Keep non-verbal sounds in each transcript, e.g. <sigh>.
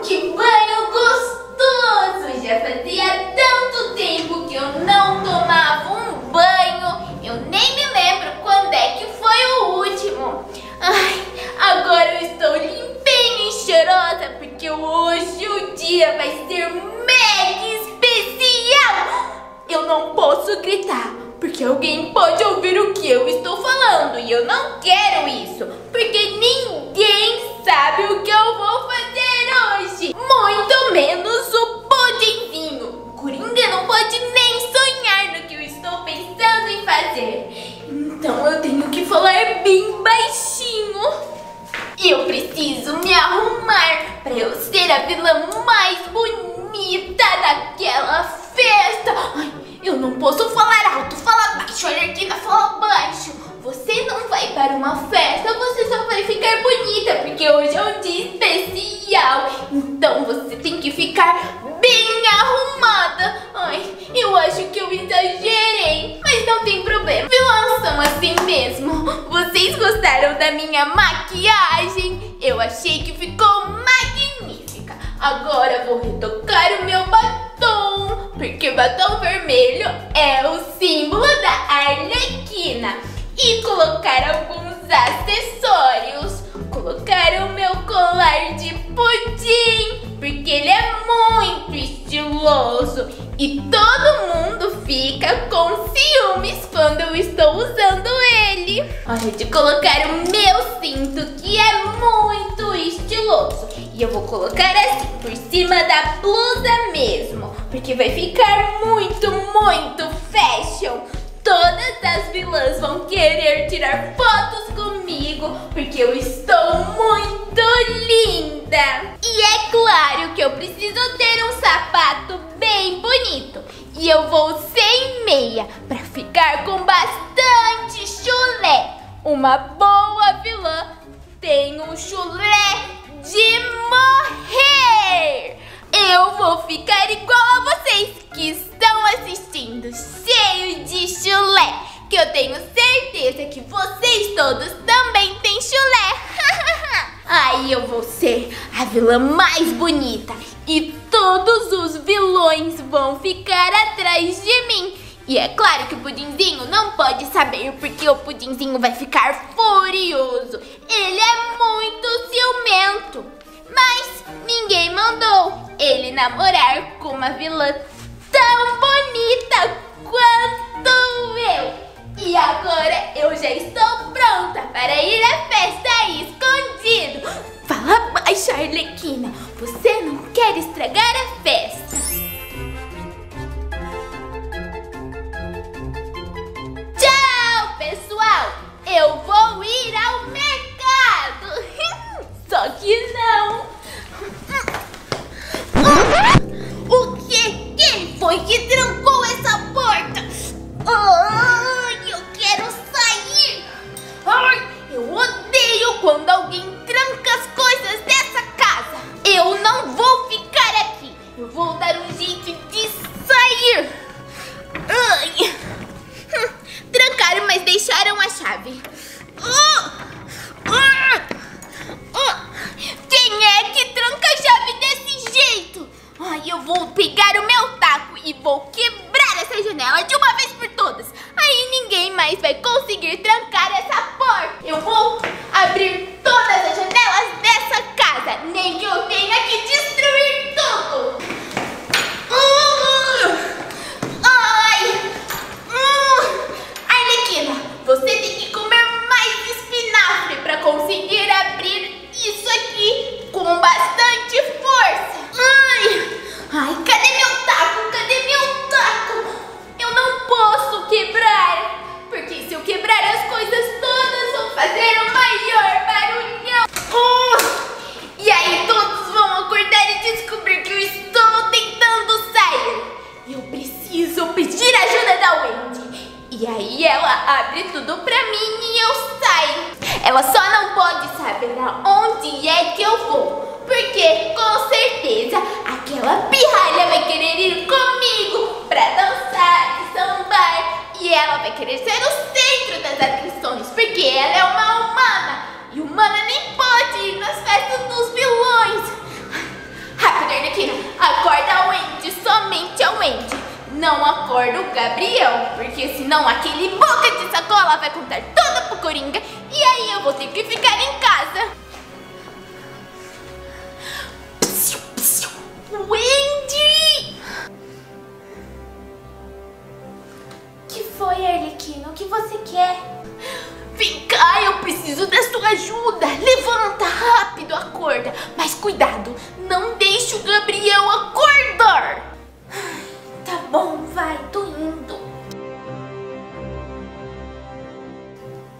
que banho gostoso! Já fazia tanto tempo que eu não tomava um banho. Eu nem me lembro quando é que foi o último. Ai, agora eu estou limpinha e cheirosa porque hoje o dia vai ser mega especial. Eu não posso gritar porque alguém pode ouvir o que eu estou falando e eu não quero isso porque ninguém sabe o que eu vou fazer hoje. Muito menos o pudimzinho. O Coringa não pode nem sonhar no que eu estou pensando em fazer. Então eu tenho que falar bem baixinho. Eu preciso me arrumar para eu ser a vilã mais bonita daquela festa. Ai, eu não posso falar alto, falar baixo. Olha aqui, fala baixo. Você não vai para uma festa, você só vai ficar bonita, porque hoje é um dia especial. Então você tem que ficar bem arrumada. Ai, eu acho que eu exagerei, mas não tem problema. Vilãs são assim mesmo. Vocês gostaram da minha maquiagem? Eu achei que ficou magnífica. Agora vou retocar o meu batom, porque batom vermelho é o símbolo da Arlequina e colocar alguns acessórios. Colocar o meu colar de pudim, porque ele é muito estiloso e todo mundo fica com ciúmes quando eu estou usando ele. Hora de colocar o meu cinto, que é muito estiloso. E eu vou colocar assim, por cima da blusa mesmo, porque vai ficar muito, muito fashion. Todas as vilãs vão querer tirar fotos comigo porque eu estou muito linda. E é claro que eu preciso ter um sapato bem bonito. E eu vou sem meia para ficar com bastante chulé. Uma boa vilã tem um chulé de morrer. Eu vou ficar igual a vocês que estão assistindo, cheio de chulé, que eu tenho certeza que vocês todos também têm chulé. <laughs> Aí eu vou ser a vilã mais bonita e todos os vilões vão ficar atrás de mim. E é claro que o Pudinzinho não pode saber porque o Pudinzinho vai ficar furioso. Ele é muito ciumento. Mas ninguém mandou ele namorar com uma vilã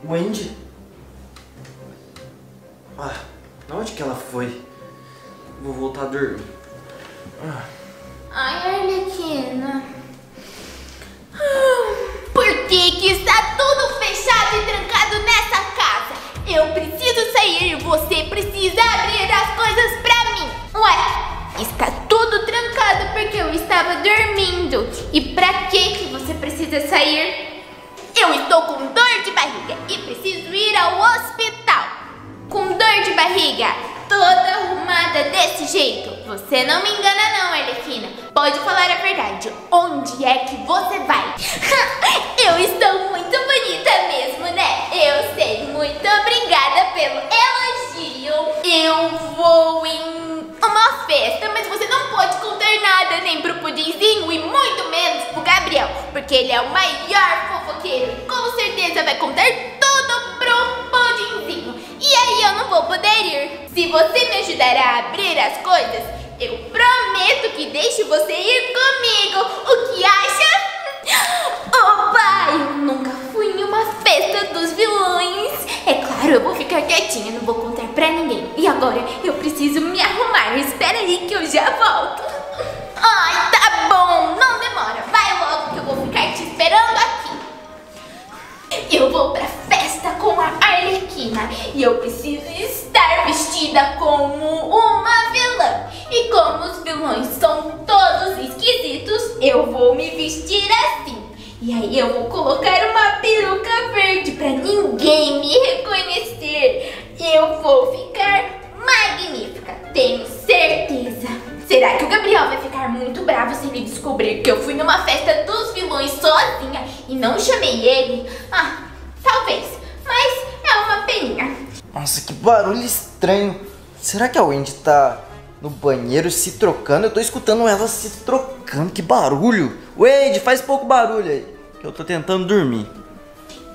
Wendy? Ah, onde que ela foi? Vou voltar a dormir. Ah. Ai, Arlequina. Ah, por que que está tudo fechado e trancado nessa casa? Eu preciso sair, você precisa abrir as coisas pra mim. Ué, está tudo trancado porque eu estava dormindo. E pra que que você precisa sair? Eu então, estou com dor de barriga e preciso ir ao hospital. Com dor de barriga, toda arrumada desse jeito. Você não me engana não, Alequina. Pode falar a verdade. Onde é que você vai? <laughs> Eu estou muito bonita mesmo, né? Eu sei. Muito obrigada pelo elogio. Eu vou em uma festa, mas você não pode contar nada nem pro Pudinzinho e muito menos pro Gabriel, porque ele é o maior fofoqueiro com certeza vai contar tudo pro Pudinzinho. E aí eu não vou poder ir. Se você me ajudar a abrir as coisas, eu prometo que deixo você ir comigo. O que acha? <gasps> Opa, eu nunca em uma festa dos vilões. É claro, eu vou ficar quietinha, não vou contar pra ninguém. E agora eu preciso me arrumar. Espera aí que eu já volto. Ai, tá bom, não demora. Vai logo que eu vou ficar te esperando aqui. Eu vou pra festa com a Arlequina e eu preciso estar vestida como uma vilã. E como os vilões são todos esquisitos, eu vou me vestir assim. E aí eu vou colocar uma peruca verde para ninguém me reconhecer. Eu vou ficar magnífica, tenho certeza. Será que o Gabriel vai ficar muito bravo se ele descobrir que eu fui numa festa dos vilões sozinha e não chamei ele? Ah, talvez, mas é uma peninha. Nossa, que barulho estranho. Será que a Wendy tá no banheiro se trocando. Eu tô escutando ela se trocando. Que barulho! Wade, faz pouco barulho aí, que eu tô tentando dormir.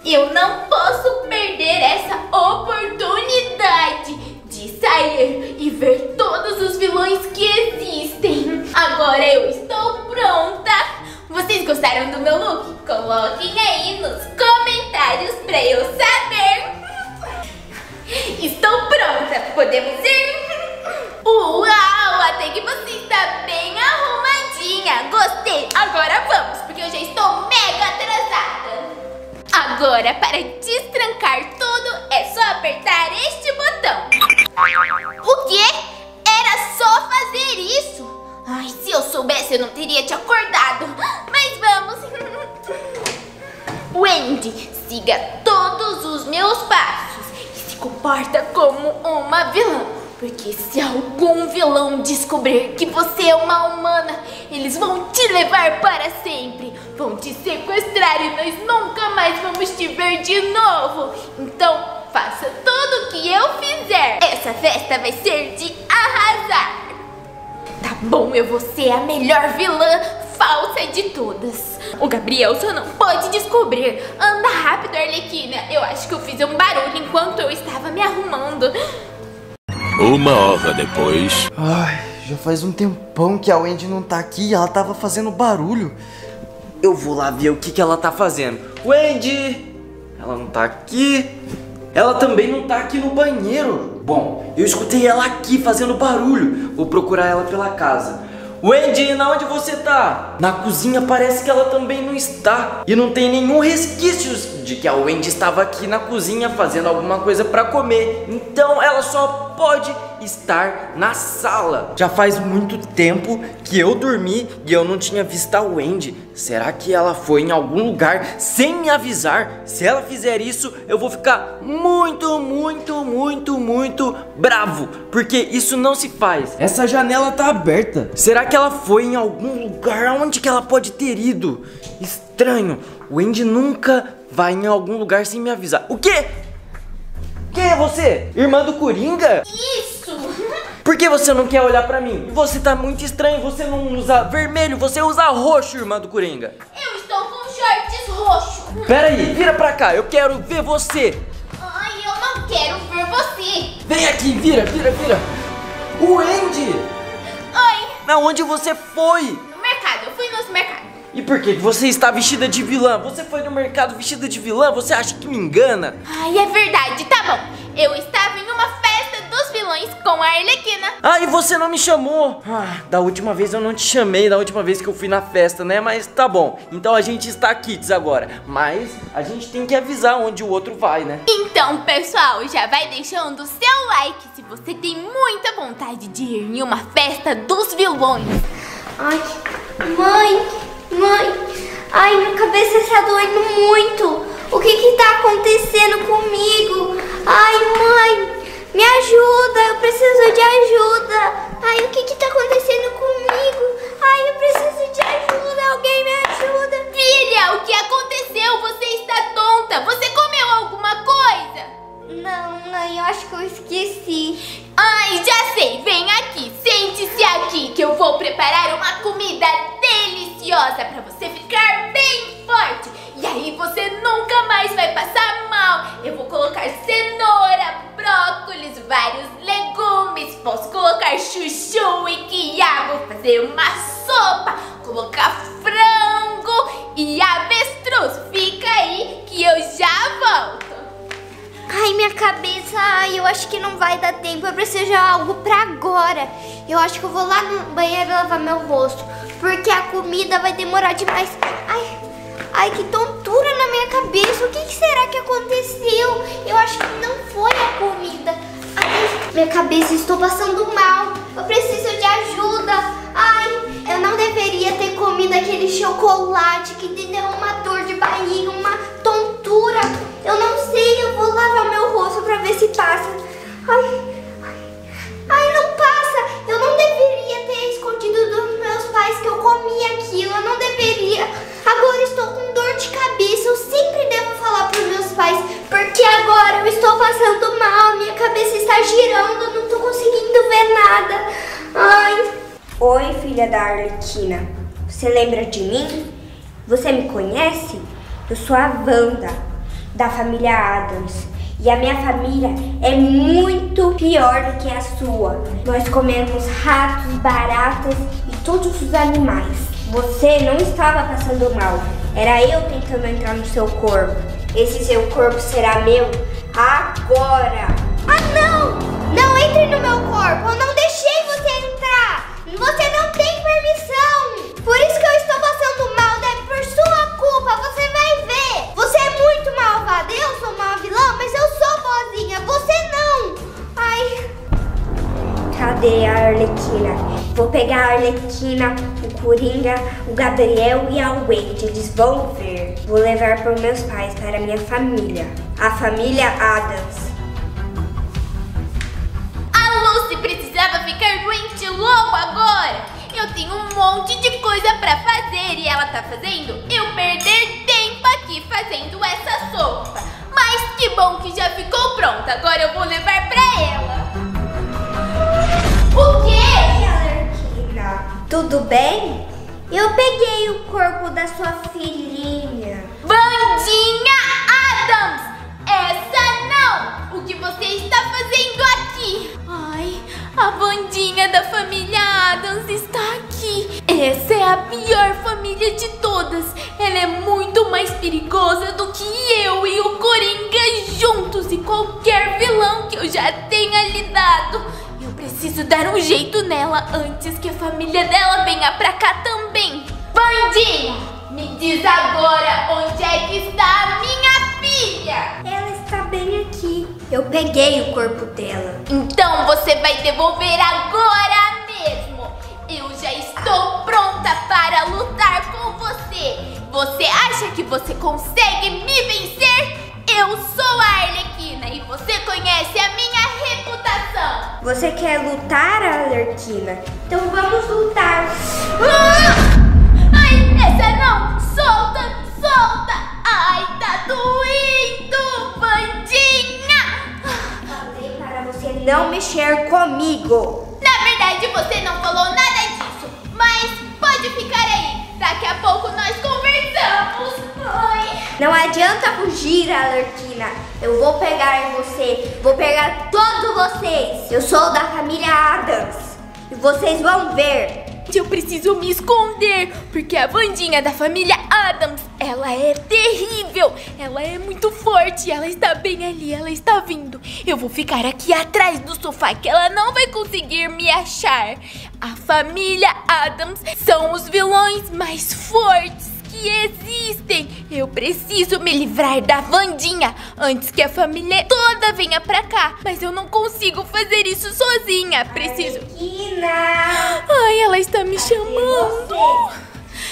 Eu não posso perder essa oportunidade de sair e ver todos os vilões que existem. Agora eu estou pronta. Vocês gostaram do meu look? Coloquem aí nos comentários pra eu saber. Estou pronta, podemos ir? Uau, até que você está bem arrumadinha. Gostei. Agora vamos, porque eu já estou mega atrasada. Agora, para destrancar tudo, é só apertar este botão. O quê? Era só fazer isso? Ai, se eu soubesse, eu não teria te acordado. Mas vamos. <laughs> Wendy, siga todos os meus passos e se comporta como uma vilã. Porque se algum vilão descobrir que você é uma humana, eles vão te levar para sempre. Vão te sequestrar e nós nunca mais vamos te ver de novo. Então, faça tudo o que eu fizer. Essa festa vai ser de arrasar. Tá bom, eu vou ser a melhor vilã falsa de todas. O Gabriel só não pode descobrir. Anda rápido, Arlequina. Eu acho que eu fiz um barulho enquanto eu estava me arrumando. Uma hora depois. Ai, já faz um tempão que a Wendy não tá aqui e ela tava fazendo barulho. Eu vou lá ver o que, que ela tá fazendo. Wendy! Ela não tá aqui. Ela também não tá aqui no banheiro. Bom, eu escutei ela aqui fazendo barulho. Vou procurar ela pela casa. Wendy, na onde você tá? Na cozinha parece que ela também não está. E não tem nenhum resquício de que a Wendy estava aqui na cozinha fazendo alguma coisa para comer. Então ela só pode estar na sala. Já faz muito tempo que eu dormi e eu não tinha visto a Wendy. Será que ela foi em algum lugar sem me avisar? Se ela fizer isso, eu vou ficar muito, muito, muito, muito bravo, porque isso não se faz. Essa janela tá aberta. Será que ela foi em algum lugar? Aonde que ela pode ter ido? Estranho. O Andy nunca vai em algum lugar sem me avisar. O quê? Quem é você? Irmã do Coringa? Isso. <laughs> Por que você não quer olhar pra mim? Você tá muito estranho, você não usa vermelho, você usa roxo, irmã do Coringa. Eu estou com shorts roxo. Pera aí, vira pra cá, eu quero ver você. Ai, eu não quero ver você. Vem aqui, vira, vira, vira. O Andy! Oi. Na onde você foi? No mercado, eu fui no mercado. E por que você está vestida de vilã? Você foi no mercado vestida de vilã? Você acha que me engana? Ai, é verdade, tá bom. Eu estava em uma festa vilões com a Arlequina. Ah, e você não me chamou. Ah, da última vez eu não te chamei, da última vez que eu fui na festa, né? Mas tá bom, então a gente está aqui agora. Mas a gente tem que avisar onde o outro vai, né? Então, pessoal, já vai deixando o seu like se você tem muita vontade de ir em uma festa dos vilões. Ai, mãe, mãe... Ai, minha cabeça está doendo muito. O que está acontecendo comigo? Ai, mãe, me ajuda, eu preciso de ajuda. Ai, o que que tá acontecendo comigo? Ai, eu preciso de ajuda, alguém me ajuda. Filha, o que aconteceu? Você está tonta. Você comeu alguma coisa? Não, mãe, eu acho que eu esqueci. Ai, já sei. Vem aqui, sente-se aqui que eu vou preparar uma comida deliciosa para você ficar bem forte. E aí você nunca mais vai passar mal. Eu vou colocar cenoura vários legumes, posso colocar chuchu e quiabo, fazer uma sopa, colocar frango e avestruz. Fica aí que eu já volto. Ai, minha cabeça, ai, eu acho que não vai dar tempo, eu preciso de algo pra agora. Eu acho que eu vou lá no banheiro lavar meu rosto, porque a comida vai demorar demais. Ai, ai, que tontura na minha cabeça, o que, que será que aconteceu? Eu acho que não foi a comida. Minha cabeça, estou passando mal. Eu preciso de ajuda. Ai, eu não deveria ter comido aquele chocolate que me deu uma dor de barriga, uma tontura. Eu não sei, eu vou lavar meu rosto para ver se passa. Ai, ai, ai, não pais que eu comi aquilo, eu não deveria. Agora estou com dor de cabeça, eu sempre devo falar para os meus pais, porque agora eu estou passando mal, minha cabeça está girando, eu não estou conseguindo ver nada. Ai. Oi, filha da Arlequina. Você lembra de mim? Você me conhece? Eu sou a Wanda, da família Adams. E a minha família é muito pior do que a sua. Nós comemos ratos, baratas todos os animais. Você não estava passando mal, era eu tentando entrar no seu corpo. Esse seu corpo será meu agora. Ah, não! Não entre no meu corpo! Eu não deixei você entrar! Você não tem permissão! Por isso que eu estou passando mal, deve é por sua culpa, você vai ver! Você é muito malvada, eu sou uma vilã, mas eu sou boazinha, você não! Cadê a Arlequina? Vou pegar a Arlequina, o Coringa, o Gabriel e a Wade. Eles vão ver. Vou levar para meus pais, para minha família. A família Adams. A Lucy precisava ficar doente logo agora. Eu tenho um monte de coisa para fazer e ela tá fazendo eu perder tempo aqui fazendo essa sopa. Mas que bom que já ficou pronta. Agora eu vou levar para ela. O quê, Tudo bem? Eu peguei o corpo da sua filhinha. Bandinha Adams! Essa não! O que você está fazendo aqui? Ai, a bandinha da família Adams está aqui. Essa é a pior família de todas. Ela é muito mais perigosa do que eu e o Coringa juntos e qualquer vilão que eu já tenha lidado preciso dar um jeito nela antes que a família dela venha pra cá também. Bandinha, me diz agora onde é que está a minha filha? Ela está bem aqui. Eu peguei o corpo dela. Então você vai devolver agora mesmo. Eu já estou pronta para lutar com você. Você acha que você consegue me vencer? Eu sou a Arlequina e você conhece a minha reputação. Você quer lutar, Arlequina? Então vamos lutar. Ah! Ai, essa não! Solta, solta! Ai, tá doendo, bandinha! Falei para você não mexer comigo. Na verdade, você não falou nada disso, mas pode ficar aí. Daqui a pouco nós conversamos, mãe. Não adianta fugir, Alertina. Eu vou pegar você. Vou pegar todos vocês. Eu sou da família Adams. E vocês vão ver. Eu preciso me esconder, porque a Vandinha da família Adams, ela é terrível, ela é muito forte, ela está bem ali, ela está vindo. Eu vou ficar aqui atrás do sofá que ela não vai conseguir me achar. A família Adams são os vilões mais fortes que existem. Eu preciso me livrar da Vandinha antes que a família toda venha pra cá. Mas eu não consigo fazer isso sozinha. Preciso. Arlequina. Ai, ela está me Aqui chamando.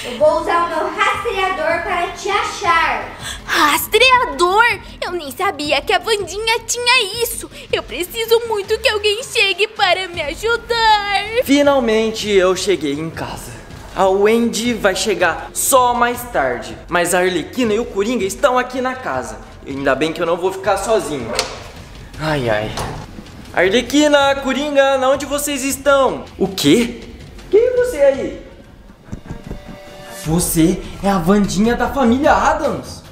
Eu vou usar o meu rastreador para te achar. Rastreador? Eu nem sabia que a Vandinha tinha isso. Eu preciso muito que alguém chegue para me ajudar. Finalmente eu cheguei em casa. A Wendy vai chegar só mais tarde, mas a Arlequina e o Coringa estão aqui na casa. Ainda bem que eu não vou ficar sozinho. Ai, ai. Arlequina, Coringa, na onde vocês estão? O quê? Quem é você aí? Você é a Vandinha da família Adams?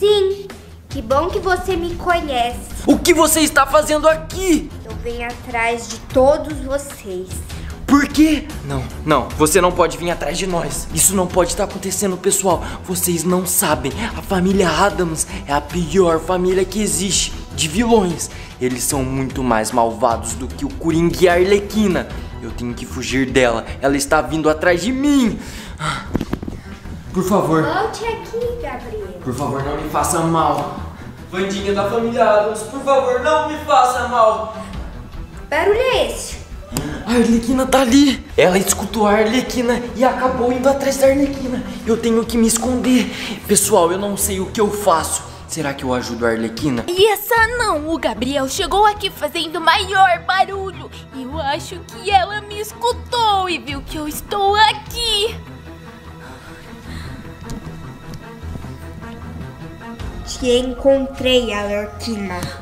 Sim, que bom que você me conhece. O que você está fazendo aqui? Eu venho atrás de todos vocês. Por quê? Não, não, você não pode vir atrás de nós. Isso não pode estar tá acontecendo, pessoal. Vocês não sabem. A família Adams é a pior família que existe de vilões. Eles são muito mais malvados do que o Coringa e a Arlequina. Eu tenho que fugir dela. Ela está vindo atrás de mim. Por favor. Volte aqui, Gabriel. Por favor, não me faça mal. Vandinha da família Adams, por favor, não me faça mal. Barulho é esse? a Arlequina tá ali. Ela escutou a Arlequina e acabou indo atrás da Arlequina. Eu tenho que me esconder. Pessoal, eu não sei o que eu faço. Será que eu ajudo a Arlequina? E essa não! O Gabriel chegou aqui fazendo maior barulho. Eu acho que ela me escutou e viu que eu estou aqui. te encontrei a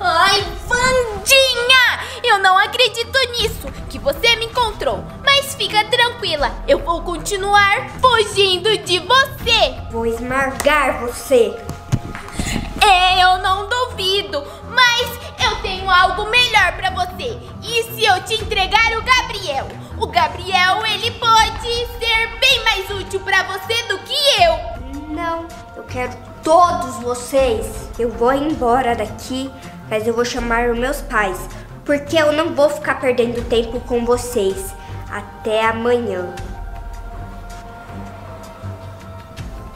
Ai, Vandinha! Eu não acredito nisso, que você me encontrou. Mas fica tranquila, eu vou continuar fugindo de você. Vou esmagar você. É, eu não duvido, mas eu tenho algo melhor para você. E se eu te entregar o Gabriel? O Gabriel, ele pode ser bem mais útil para você do que eu. Não, eu quero todos vocês. Eu vou embora daqui, mas eu vou chamar os meus pais, porque eu não vou ficar perdendo tempo com vocês. Até amanhã.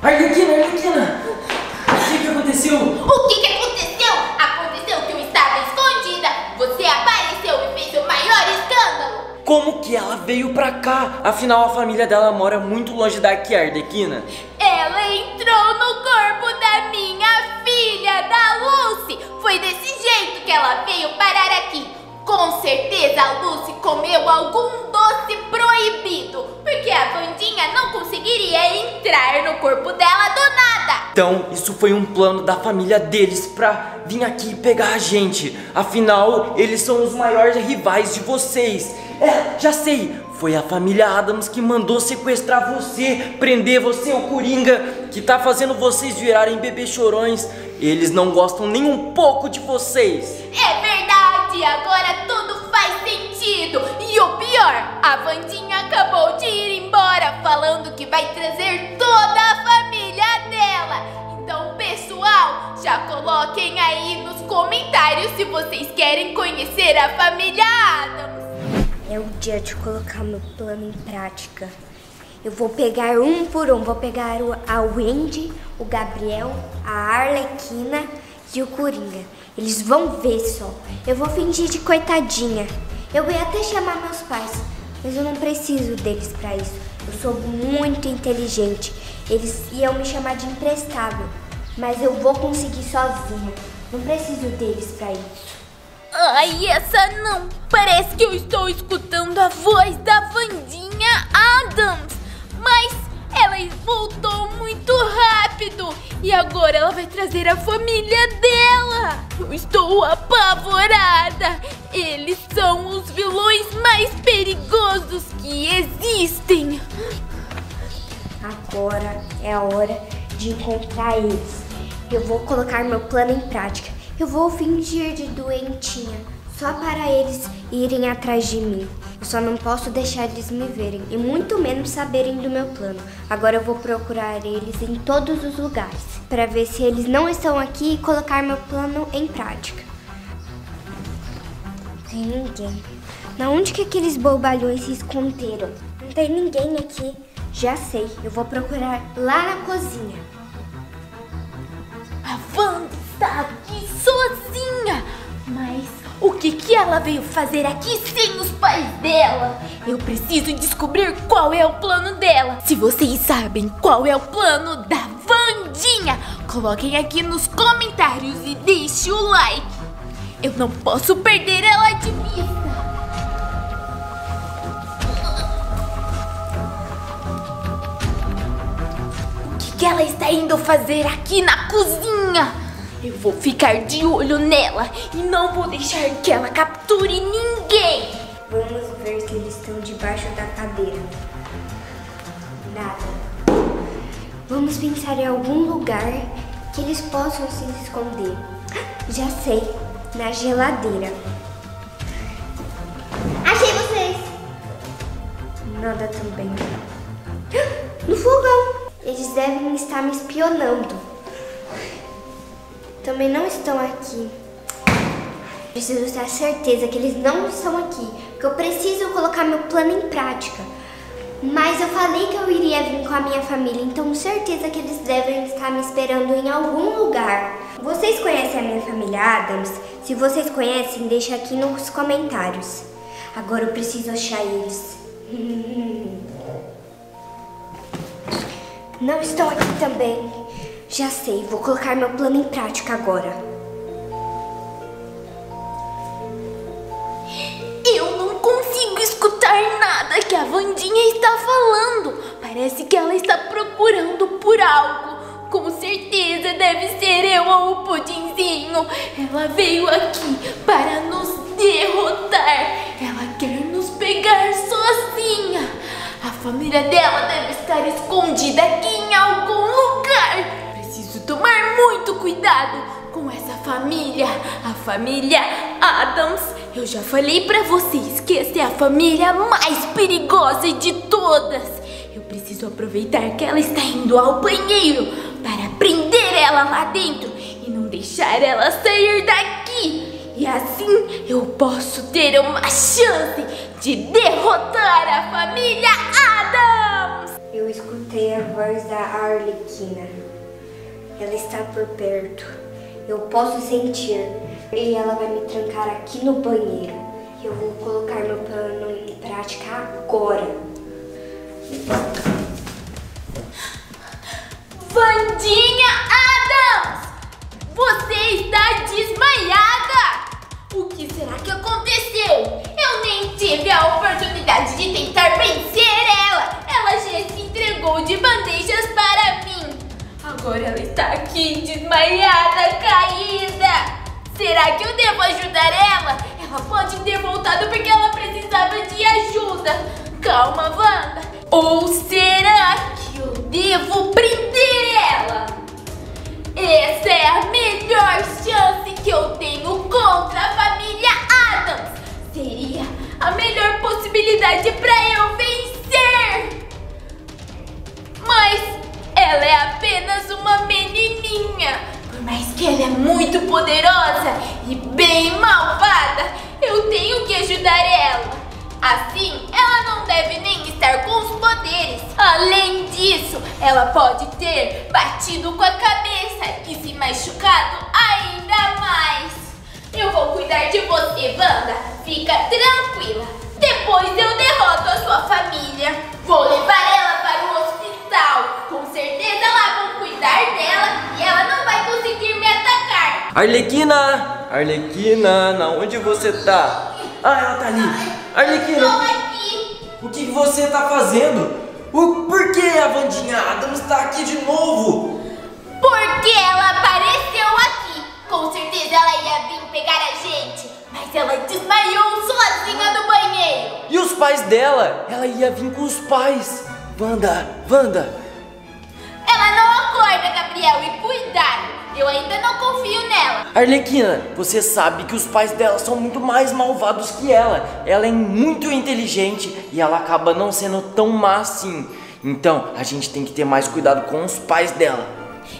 Arlequina, Arlequina! O que, que aconteceu? O que, que aconteceu? Aconteceu que eu estava escondida! Você apareceu e fez o maior escândalo! Como que ela veio pra cá? Afinal, a família dela mora muito longe daqui, Arlequina. Foi desse jeito que ela veio parar aqui. Com certeza a Lucy comeu algum doce proibido, porque a Vandinha não conseguiria entrar no corpo dela do nada. Então, isso foi um plano da família deles pra vir aqui pegar a gente. Afinal, eles são os maiores rivais de vocês. É, já sei, foi a família Adams que mandou sequestrar você, prender você, o Coringa, que tá fazendo vocês virarem bebê chorões eles não gostam nem um pouco de vocês. É verdade, agora tudo faz sentido. E o pior, a Vandinha acabou de ir embora falando que vai trazer toda a família dela. Então, pessoal, já coloquem aí nos comentários se vocês querem conhecer a família Adams. É o dia de colocar meu plano em prática. Eu vou pegar um por um. Vou pegar a Wendy, o Gabriel, a Arlequina e o Coringa. Eles vão ver só. Eu vou fingir de coitadinha. Eu vou até chamar meus pais, mas eu não preciso deles para isso. Eu sou muito inteligente. Eles iam me chamar de imprestável, mas eu vou conseguir sozinha. Não preciso deles para isso. Ai, essa não! Parece que eu estou escutando a voz da Vandinha Adams! Mas ela voltou muito rápido e agora ela vai trazer a família dela. Eu estou apavorada. Eles são os vilões mais perigosos que existem. Agora é a hora de encontrar eles. Eu vou colocar meu plano em prática. Eu vou fingir de doentinha só para eles irem atrás de mim. Eu só não posso deixar eles me verem e muito menos saberem do meu plano. Agora eu vou procurar eles em todos os lugares para ver se eles não estão aqui e colocar meu plano em prática. Não tem ninguém. Na onde que aqueles bobalhões se esconderam? Não tem ninguém aqui. Já sei, eu vou procurar lá na cozinha. A Wanda está aqui sozinha, mas o que que ela veio fazer aqui sem os pais dela? Eu preciso descobrir qual é o plano dela. Se vocês sabem qual é o plano da Vandinha, coloquem aqui nos comentários e deixe o like. Eu não posso perder ela de vista. O que, que ela está indo fazer aqui na cozinha? Eu vou ficar de olho nela e não vou deixar que ela capture ninguém. Vamos ver se eles estão debaixo da cadeira. Nada. Vamos pensar em algum lugar que eles possam se esconder. Já sei, na geladeira. Achei vocês! Nada também. <gasps> No fogão! Eles devem estar me espionando também não estão aqui. Preciso ter a certeza que eles não estão aqui, porque eu preciso colocar meu plano em prática. Mas eu falei que eu iria vir com a minha família, então certeza que eles devem estar me esperando em algum lugar. Vocês conhecem a minha família Adams? Se vocês conhecem, deixa aqui nos comentários. Agora eu preciso achar eles. <laughs> Não estão aqui também. Já sei, vou colocar meu plano em prática agora. Eu não consigo escutar nada que a Vandinha está falando. Parece que ela está procurando por algo. Com certeza deve ser eu ou o Pudinzinho. Ela veio aqui para nos derrotar. Ela quer nos pegar sozinha. A família dela deve estar escondida aqui em algum lugar muito cuidado com essa família, a família Adams. Eu já falei pra vocês que essa é a família mais perigosa de todas. Eu preciso aproveitar que ela está indo ao banheiro para prender ela lá dentro e não deixar ela sair daqui. E assim eu posso ter uma chance de derrotar a família Adams! Eu escutei a voz da Arlequina. Ela está por perto. Eu posso sentir. E ela vai me trancar aqui no banheiro. Eu vou colocar meu plano em prática agora. Vandinha Adams! Você está desmaiada! O que será que aconteceu? Eu nem tive a oportunidade de tentar vencer ela! Ela já se entregou de bandejas para mim! Agora ela está aqui, desmaiada, caída. Será que eu devo ajudar ela? Ela pode ter voltado porque ela precisava de ajuda. Calma, Wanda. Ou será que eu devo prender ela? Arlequina, na onde você tá? Ah, ela tá ali. Arlequina. O que você tá fazendo? O, por que a Vandinha Adams tá aqui de novo? Porque ela apareceu aqui. Com certeza ela ia vir pegar a gente. Mas ela desmaiou sozinha no banheiro. E os pais dela? Ela ia vir com os pais. Wanda, Wanda. Ela não acorda, Gabriel, e cuidado. Eu ainda não confio nela. Arlequina, você sabe que os pais dela são muito mais malvados que ela. Ela é muito inteligente e ela acaba não sendo tão má assim. Então, a gente tem que ter mais cuidado com os pais dela.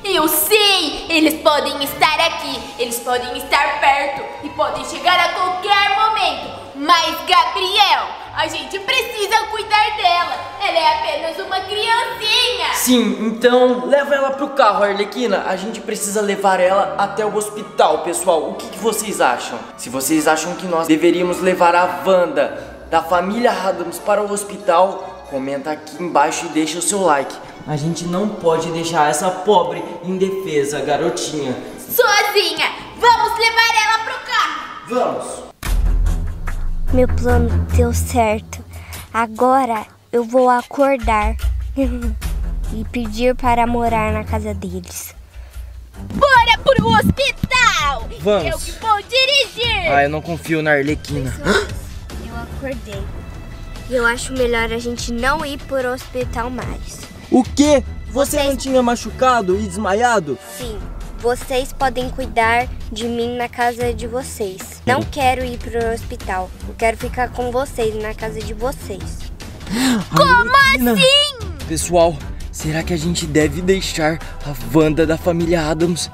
Eu sei! Eles podem estar aqui, eles podem estar perto e podem chegar a qualquer momento. Mas, Gabriel, a gente precisa cuidar dela. Ela é apenas uma criancinha. Sim, então leva ela pro carro, Arlequina. A gente precisa levar ela até o hospital, pessoal. O que, que vocês acham? Se vocês acham que nós deveríamos levar a Wanda da família Adams para o hospital, comenta aqui embaixo e deixa o seu like. A gente não pode deixar essa pobre indefesa garotinha sozinha. Vamos levar ela pro carro. Vamos. Meu plano deu certo. Agora eu vou acordar <laughs> e pedir para morar na casa deles. Bora pro hospital! Vamos! Eu que vou dirigir! Ah, eu não confio na Arlequina. Pessoas, eu acordei. Eu acho melhor a gente não ir pro hospital mais. O quê? Você Vocês... não tinha machucado e desmaiado? Sim. Vocês podem cuidar de mim na casa de vocês. Não quero ir pro hospital. Eu quero ficar com vocês na casa de vocês. Ah, Como assim? Pessoal, será que a gente deve deixar a Wanda da família Adams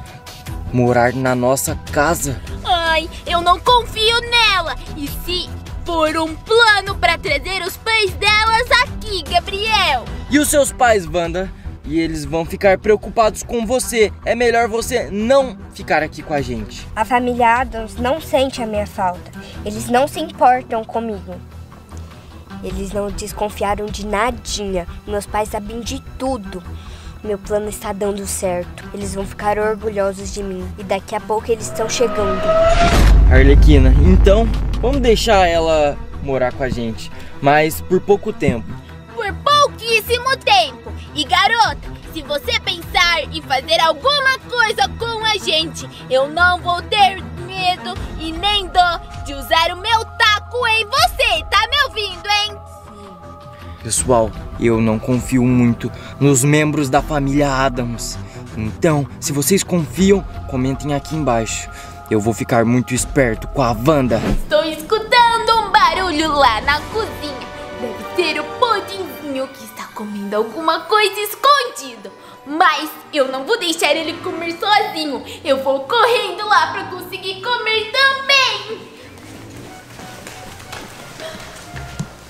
morar na nossa casa? Ai, eu não confio nela. E se for um plano para trazer os pais delas aqui, Gabriel? E os seus pais, Wanda? e eles vão ficar preocupados com você. É melhor você não ficar aqui com a gente. A família Adams não sente a minha falta. Eles não se importam comigo. Eles não desconfiaram de nadinha. Meus pais sabem de tudo. Meu plano está dando certo. Eles vão ficar orgulhosos de mim. E daqui a pouco eles estão chegando. Arlequina, então vamos deixar ela morar com a gente. Mas por pouco tempo por pouquíssimo tempo. E garota, se você pensar em fazer alguma coisa com a gente, eu não vou ter medo e nem dó de usar o meu taco em você, tá me ouvindo, hein? Pessoal, eu não confio muito nos membros da família Adams. Então, se vocês confiam, comentem aqui embaixo. Eu vou ficar muito esperto com a Wanda. Estou escutando um barulho lá na cozinha ser o Pudinzinho que está comendo alguma coisa escondido. Mas eu não vou deixar ele comer sozinho. Eu vou correndo lá para conseguir comer também.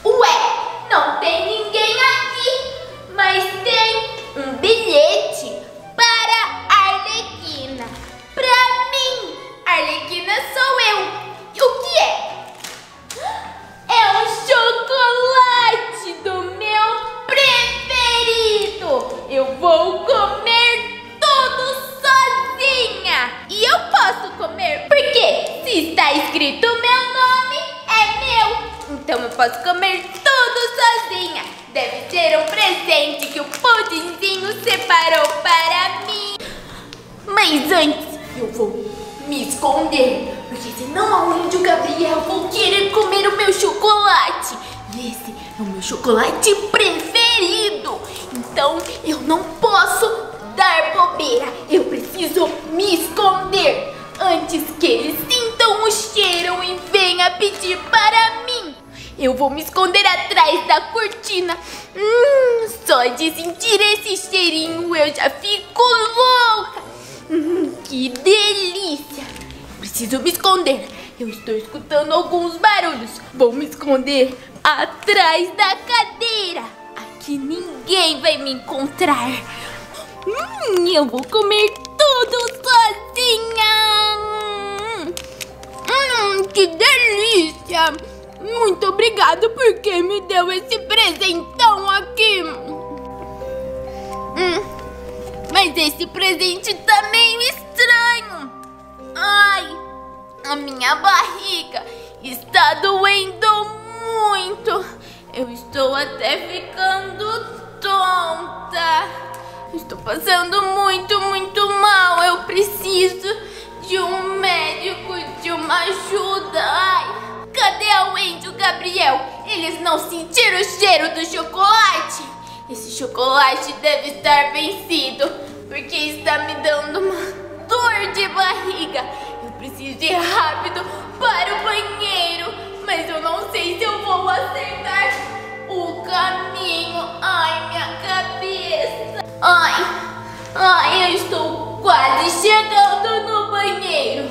Ué, não tem ninguém aqui, mas tem um bilhete para escutando alguns barulhos. Vou me esconder atrás da cadeira. Aqui ninguém vai me encontrar. Hum, eu vou comer tudo sozinha. Hum, que delícia. Muito obrigado quem me deu esse presentão aqui. Hum, mas esse presente também está a minha barriga está doendo muito. Eu estou até ficando tonta. Estou passando muito, muito mal. Eu preciso de um médico, de uma ajuda. Ai, cadê a Wendy e o Gabriel? Eles não sentiram o cheiro do chocolate? Esse chocolate deve estar vencido, porque está me dando uma dor de barriga preciso ir rápido para o banheiro, mas eu não sei se eu vou acertar o caminho. Ai, minha cabeça. Ai, ai, eu estou quase chegando no banheiro.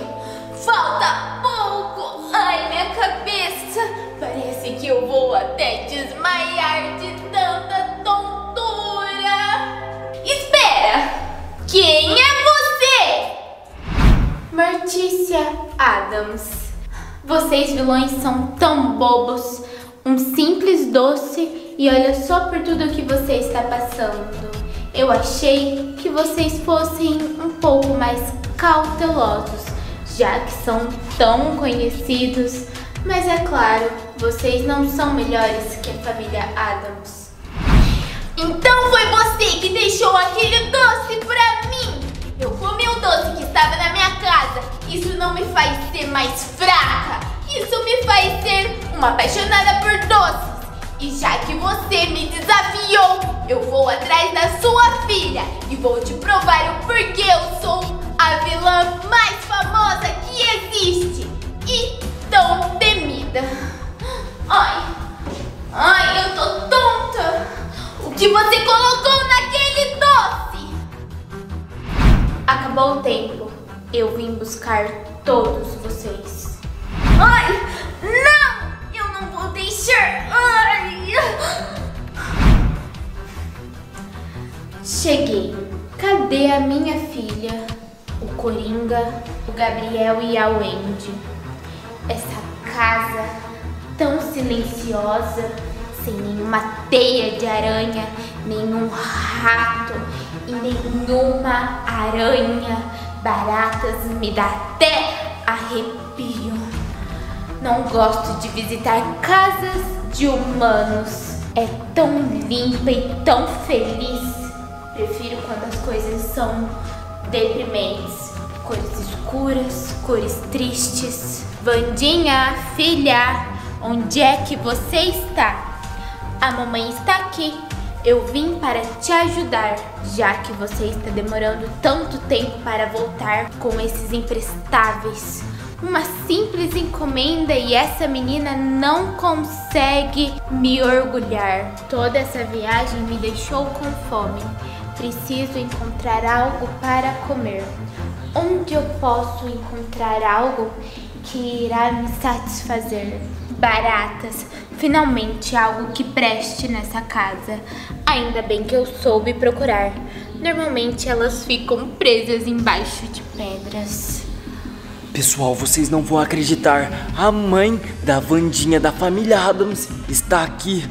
Falta pouco. Ai, minha cabeça. Parece que eu vou até desmaiar de tanta tontura. Espera! Quem é Martícia Adams. Vocês vilões são tão bobos. Um simples doce e olha só por tudo que você está passando. Eu achei que vocês fossem um pouco mais cautelosos, já que são tão conhecidos. Mas é claro, vocês não são melhores que a família Adams. Então foi você que deixou aquele doce doce que estava na minha casa. Isso não me faz ser mais fraca. Isso me faz ser uma apaixonada por doces. E já que você me desafiou, eu vou atrás da sua filha e vou te provar o porquê eu sou a vilã mais famosa que existe e tão temida. Ai, ai, eu tô tonta. O que você colocou naquele Acabou o tempo. Eu vim buscar todos vocês. Ai! Não! Eu não vou deixar! Ai! Cheguei. Cadê a minha filha? O Coringa, o Gabriel e a Wendy. Essa casa tão silenciosa, sem nenhuma teia de aranha, nenhum rato e nenhuma aranha, baratas me dá até arrepio. Não gosto de visitar casas de humanos. É tão limpa e tão feliz. Prefiro quando as coisas são deprimentes. Cores escuras, cores tristes. Vandinha, filha, onde é que você está? A mamãe está aqui eu vim para te ajudar, já que você está demorando tanto tempo para voltar com esses imprestáveis. Uma simples encomenda e essa menina não consegue me orgulhar. Toda essa viagem me deixou com fome. Preciso encontrar algo para comer. Onde eu posso encontrar algo que irá me satisfazer? Baratas, Finalmente algo que preste nessa casa. Ainda bem que eu soube procurar. Normalmente elas ficam presas embaixo de pedras. Pessoal, vocês não vão acreditar. A mãe da Vandinha da família Adams está aqui.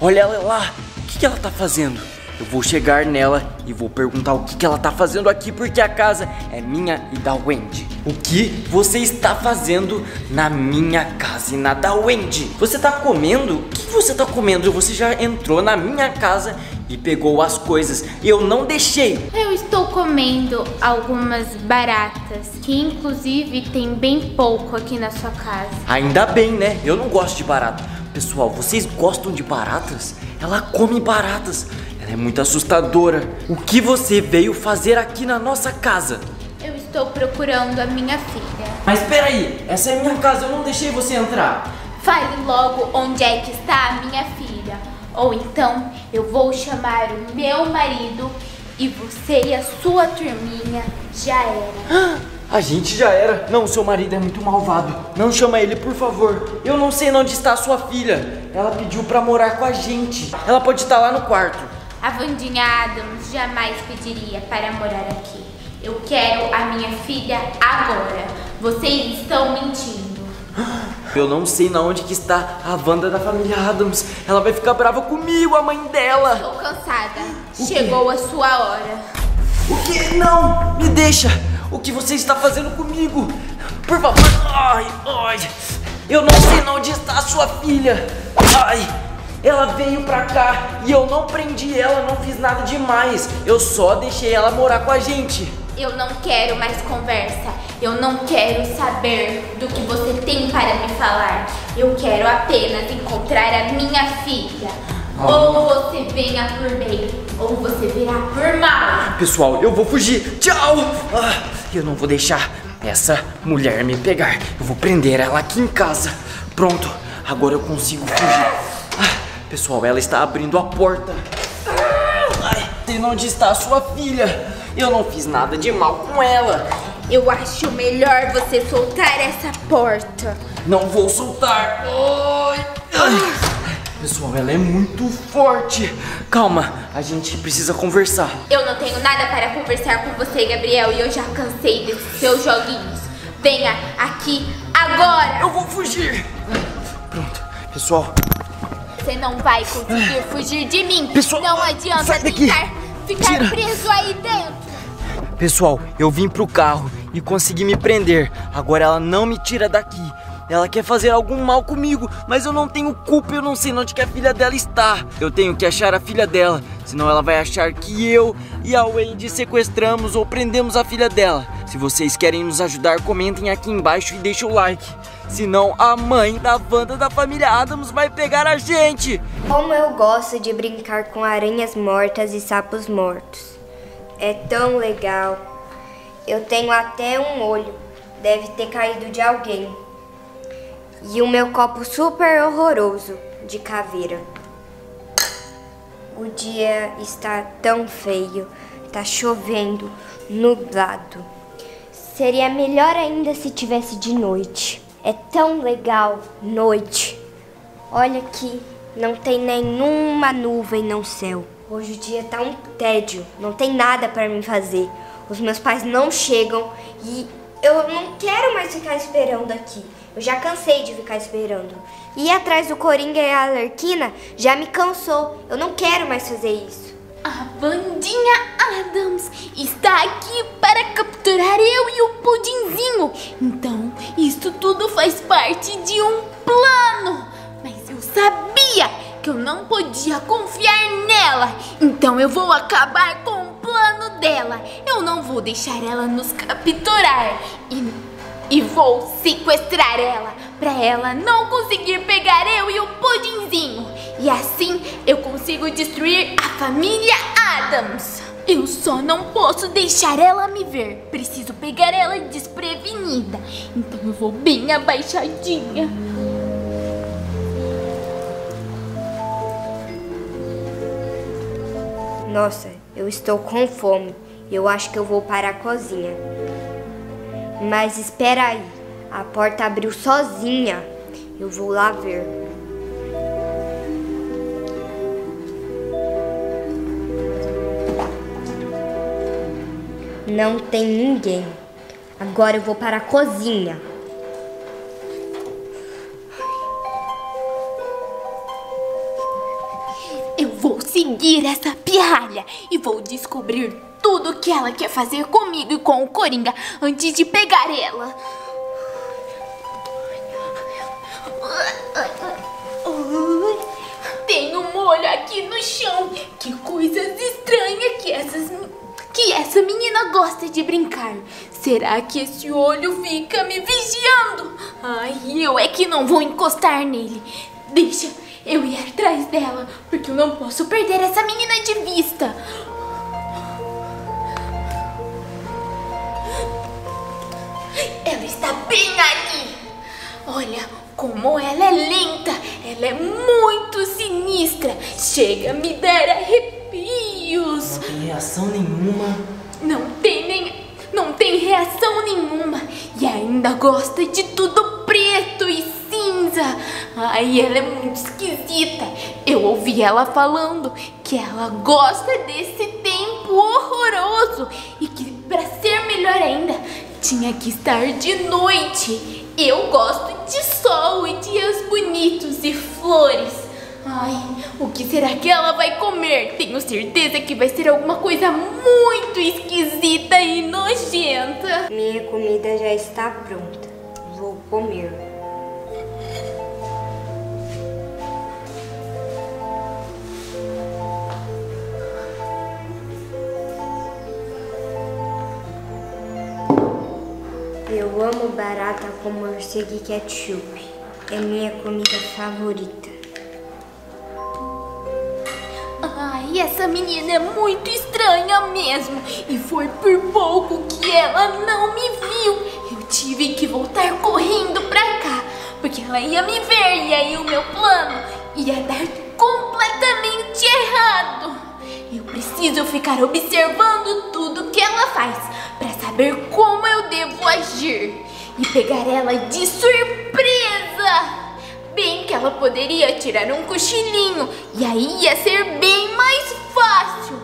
Olha ela lá. O que ela está fazendo? Eu vou chegar nela e vou perguntar o que, que ela tá fazendo aqui, porque a casa é minha e da Wendy. O que você está fazendo na minha casa e na da Wendy? Você tá comendo? O que você tá comendo? Você já entrou na minha casa e pegou as coisas. Eu não deixei. Eu estou comendo algumas baratas, que inclusive tem bem pouco aqui na sua casa. Ainda bem, né? Eu não gosto de barata. Pessoal, vocês gostam de baratas? Ela come baratas. Ela é muito assustadora. O que você veio fazer aqui na nossa casa? Eu estou procurando a minha filha. Mas peraí, essa é minha casa, eu não deixei você entrar. Fale logo onde é que está a minha filha. Ou então eu vou chamar o meu marido e você e a sua turminha já era. A gente já era. Não, seu marido é muito malvado. Não chama ele, por favor. Eu não sei onde está sua filha. Ela pediu para morar com a gente. Ela pode estar tá lá no quarto. A Vandinha Adams jamais pediria para morar aqui. Eu quero a minha filha agora. Vocês estão mentindo. Eu não sei na onde que está a Wanda da família Adams. Ela vai ficar brava comigo, a mãe dela. Estou cansada. O Chegou quê? a sua hora. O que? Não! Me deixa! O que você está fazendo comigo? Por favor. Ai, ai. Eu não sei onde está a sua filha. Ai. Ela veio pra cá e eu não prendi ela, não fiz nada demais. Eu só deixei ela morar com a gente. Eu não quero mais conversa. Eu não quero saber do que você tem para me falar. Eu quero apenas encontrar a minha filha. Ou você venha por bem, ou você virá por mal. Pessoal, eu vou fugir. Tchau! Ah, eu não vou deixar essa mulher me pegar. Eu vou prender ela aqui em casa. Pronto, agora eu consigo fugir. Ah, pessoal, ela está abrindo a porta. Ai, tem onde está a sua filha. Eu não fiz nada de mal com ela. Eu acho melhor você soltar essa porta. Não vou soltar. Ai. Ai. Pessoal, ela é muito forte. Calma, a gente precisa conversar. Eu não tenho nada para conversar com você, Gabriel, e eu já cansei desses seus joguinhos. Venha aqui agora. Eu vou fugir. Pronto, pessoal. Você não vai conseguir fugir de mim. Pessoal, não adianta ficar, ficar preso aí dentro. Pessoal, eu vim pro carro e consegui me prender. Agora ela não me tira daqui. Ela quer fazer algum mal comigo, mas eu não tenho culpa, eu não sei onde que a filha dela está. Eu tenho que achar a filha dela, senão ela vai achar que eu e a Wendy sequestramos ou prendemos a filha dela. Se vocês querem nos ajudar, comentem aqui embaixo e deixem o like. Senão a mãe da Wanda da família Adams vai pegar a gente. Como eu gosto de brincar com aranhas mortas e sapos mortos. É tão legal. Eu tenho até um olho. Deve ter caído de alguém e o meu copo super horroroso de caveira. O dia está tão feio, tá chovendo, nublado. Seria melhor ainda se tivesse de noite. É tão legal noite. Olha aqui, não tem nenhuma nuvem no céu. Hoje o dia tá um tédio, não tem nada para mim fazer. Os meus pais não chegam e eu não quero mais ficar esperando aqui. Eu já cansei de ficar esperando. Ir atrás do Coringa e a Alerquina já me cansou. Eu não quero mais fazer isso. A Vandinha Adams está aqui para capturar eu e o Pudinzinho. Então, isso tudo faz parte de um plano. Mas eu sabia que eu não podia confiar nela. Então eu vou acabar com o plano dela. Eu não vou deixar ela nos capturar. E e vou sequestrar ela para ela não conseguir pegar eu e o pudinzinho. E assim eu consigo destruir a família Adams. Eu só não posso deixar ela me ver. Preciso pegar ela desprevenida. Então eu vou bem abaixadinha. Nossa, eu estou com fome. Eu acho que eu vou para a cozinha. Mas espera aí, a porta abriu sozinha. Eu vou lá ver. Não tem ninguém. Agora eu vou para a cozinha. Eu vou seguir essa pirralha e vou descobrir tudo o que ela quer fazer comigo e com o Coringa antes de pegar ela. Tem um molho aqui no chão. Que coisas estranhas que essas que essa menina gosta de brincar. Será que esse olho fica me vigiando? Ai, eu é que não vou encostar nele. Deixa eu ir atrás dela, porque eu não posso perder essa menina de vista. bem ali. Olha como ela é lenta, ela é muito sinistra. Chega, me dar arrepios. Não tem reação nenhuma. Não tem nem... Não tem reação nenhuma. E ainda gosta de tudo preto e cinza. Ai, ela é muito esquisita. Eu ouvi ela falando que ela gosta desse tempo horroroso e que, pra ser melhor ainda, tinha que estar de noite. Eu gosto de sol e dias bonitos e flores. Ai, o que será que ela vai comer? Tenho certeza que vai ser alguma coisa muito esquisita e nojenta. Minha comida já está pronta. Vou comer. Eu amo barata com morcego e ketchup. É minha comida favorita. Ai, essa menina é muito estranha mesmo. E foi por pouco que ela não me viu. Eu tive que voltar correndo pra cá. Porque ela ia me ver e aí o meu plano ia dar completamente errado. Eu preciso ficar observando tudo que ela faz para saber como eu devo agir e pegar ela de surpresa. Bem que ela poderia tirar um cochilinho e aí ia ser bem mais fácil.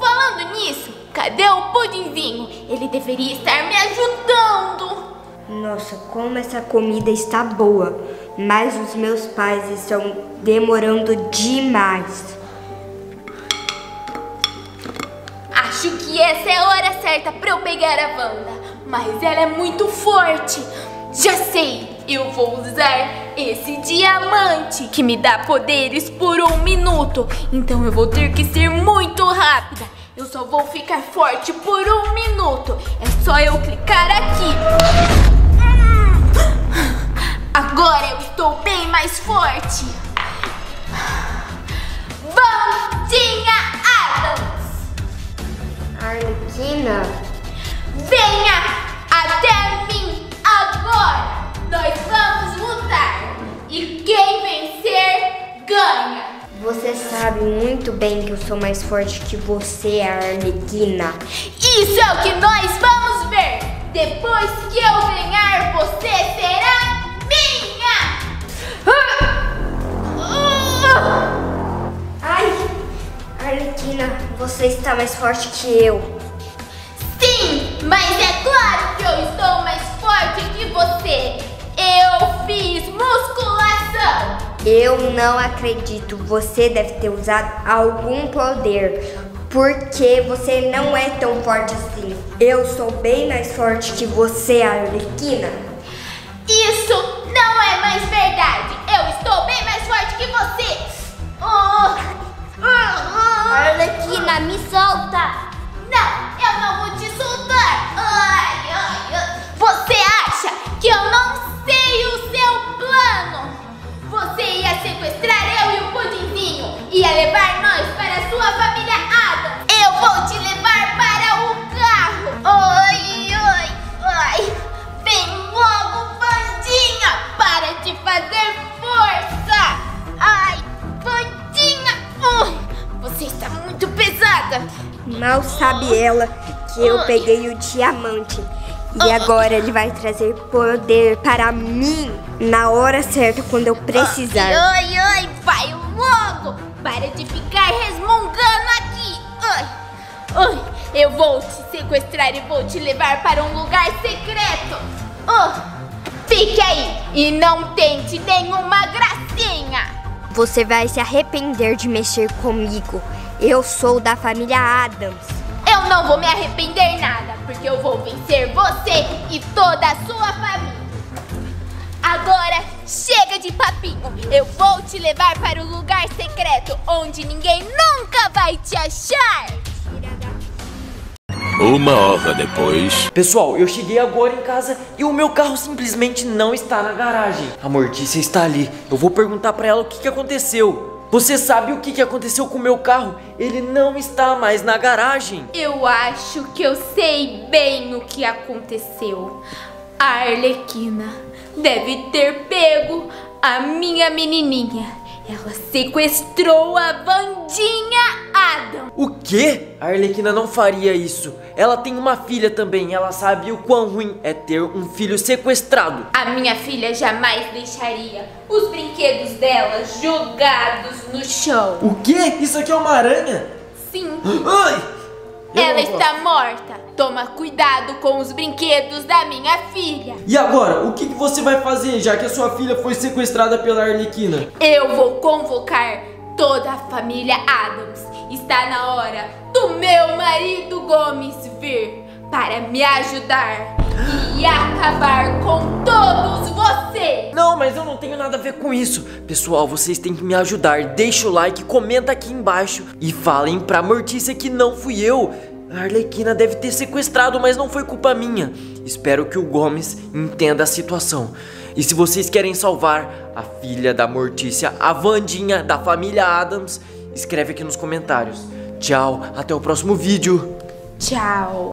Falando nisso, cadê o pudimzinho? Ele deveria estar me ajudando. Nossa, como essa comida está boa, mas os meus pais estão demorando demais. acho que essa é a hora certa pra eu pegar a Wanda. Mas ela é muito forte. Já sei, eu vou usar esse diamante que me dá poderes por um minuto. Então eu vou ter que ser muito rápida. Eu só vou ficar forte por um minuto. É só eu clicar aqui. Agora eu estou bem mais forte. Vandinha Adams! Arlequina? Venha até mim agora! Nós vamos lutar! E quem vencer, ganha! Você sabe muito bem que eu sou mais forte que você, Arlequina. Isso é o que nós vamos ver! Depois que eu ganhar, você será minha! Ah! Ah! Arlequina, você está mais forte que eu. Sim, mas é claro que eu estou mais forte que você. Eu fiz musculação. Eu não acredito. Você deve ter usado algum poder. Porque você não é tão forte assim. Eu sou bem mais forte que você, Arlequina. Isso não é mais verdade. Eu estou bem mais forte que você. Oh. Mal sabe ela que eu peguei o diamante. E ah. agora ele vai trazer poder para mim na hora certa, quando eu precisar. Oi, ah, oi, vai logo! Para de ficar resmungando aqui! Oi, oi, eu vou te sequestrar e vou te levar para um lugar secreto! fique aí e não tente nenhuma gracinha! Você vai se arrepender de mexer comigo. Eu sou da família Adams. Eu não vou me arrepender nada, porque eu vou vencer você e toda a sua família. Agora chega de papinho. Eu vou te levar para o lugar secreto onde ninguém nunca vai te achar. Uma hora depois. Pessoal, eu cheguei agora em casa e o meu carro simplesmente não está na garagem. A Mortícia está ali. Eu vou perguntar para ela o que aconteceu. Você sabe o que aconteceu com o meu carro? Ele não está mais na garagem. Eu acho que eu sei bem o que aconteceu. A Arlequina deve ter pego a minha menininha ela sequestrou a Vandinha Adam. O quê? A Arlequina não faria isso. Ela tem uma filha também. Ela sabe o quão ruim é ter um filho sequestrado. A minha filha jamais deixaria os brinquedos dela jogados no chão. O quê? Isso aqui é uma aranha? Sim. <gasps> Ai! Ela está morta. Toma cuidado com os brinquedos da minha filha. E agora, o que, você vai fazer, já que a sua filha foi sequestrada pela Arlequina? Eu vou convocar toda a família Adams. Está na hora do meu marido Gomes vir para me ajudar e acabar com todos vocês! Não, mas eu não tenho nada a ver com isso. Pessoal, vocês têm que me ajudar. Deixa o like, comenta aqui embaixo e falem pra Mortícia que não fui eu. A Arlequina deve ter sequestrado, mas não foi culpa minha. Espero que o Gomes entenda a situação. E se vocês querem salvar a filha da Mortícia, a Vandinha da família Adams, escreve aqui nos comentários. Tchau, até o próximo vídeo. Tchau.